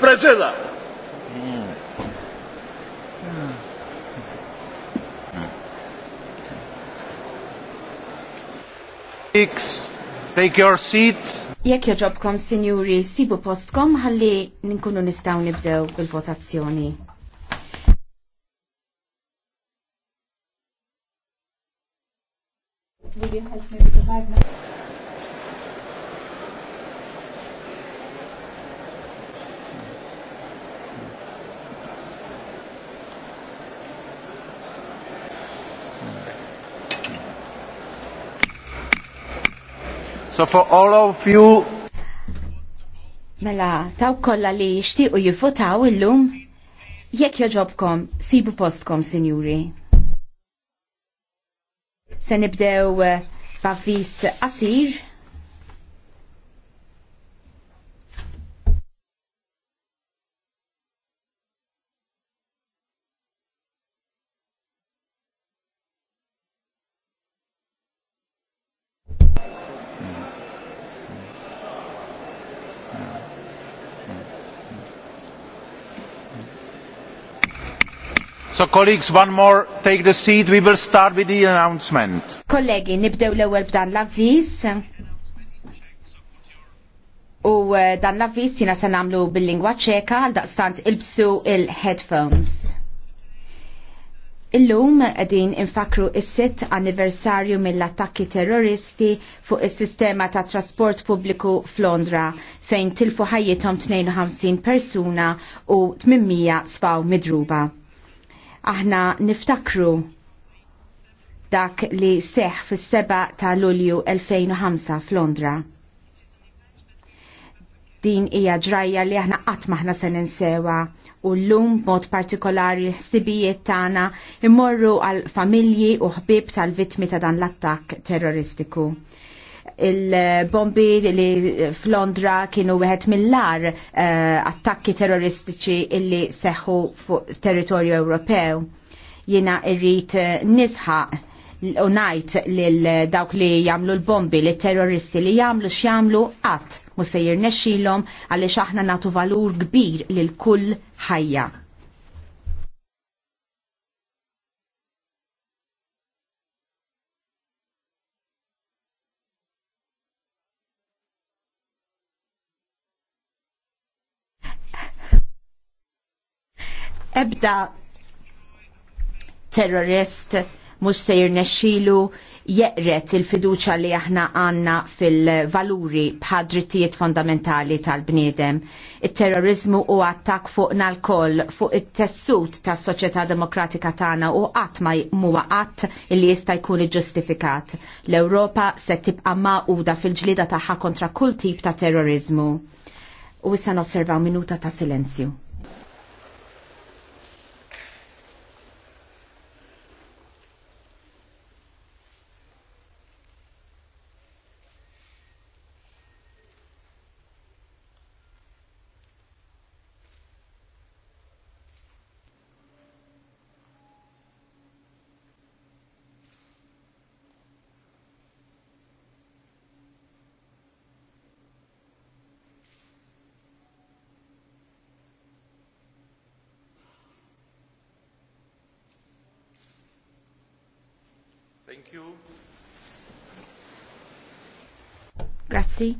Brazila. X, take your seat. Jek joġobkom, sinjuri, sibu postkom għalli ninkunu nistaw nibdew bil-votazzjoni. Will you help me because I've not... So for all of you Mela, taw kolla li xtiqu jifotaw illum, jekk joġobkom, sibu postkom, sinjuri. Se nibdew eh, b'avviż qasir So colleagues, one more, take the seat, we will start with the announcement. Kollegi, nibdew l-ewel b'dan l-avviz. U eh, dan l-avviz jina se namlu bil-lingwa ċeka għal daqstant il-bsu il-headphones. Illum din infakru is-sitt anniversarju mill-attakki terroristi fuq is-sistema ta' trasport pubbliku f'Londra fejn tilfu ħajjithom 52 persuna u 800 sfaw midruba aħna niftakru dak li seħ fis-7 ta' Lulju 2005 f'Londra. Din hija ġrajja li aħna qatt maħna se ninsewa u llum mod partikolari ħsibijiet tagħna immorru għal familji u ħbieb tal-vittmi ta' dan l-attakk terroristiku il-bombi li f'Londra kienu wieħed mill-lar uh, attakki terroristiċi illi seħħu fuq territorju Ewropew. Jiena irrit eh, nisħaq u najt lil dawk li jamlu l-bombi li terroristi li jamlu x'jamlu qatt mu sejjer nexxilhom għaliex aħna natu valur kbir lil kull ħajja. ebda terrorist mhux se jirnexxilu jeqret il-fiduċa li aħna għanna fil-valuri bħadrittijiet fondamentali tal-bniedem. Il-terrorizmu u attak fuqna l-koll fuq it-tessut tas soċjetà demokratika tagħna u qatt ma muwa qatt li jista' jkun iġġustifikat. L-Ewropa se tibqa' uda fil-ġlida tagħha kontra kull tip ta' terrorizmu. U issa nosservaw minuta ta' silenzju. Thank you. Grazzi.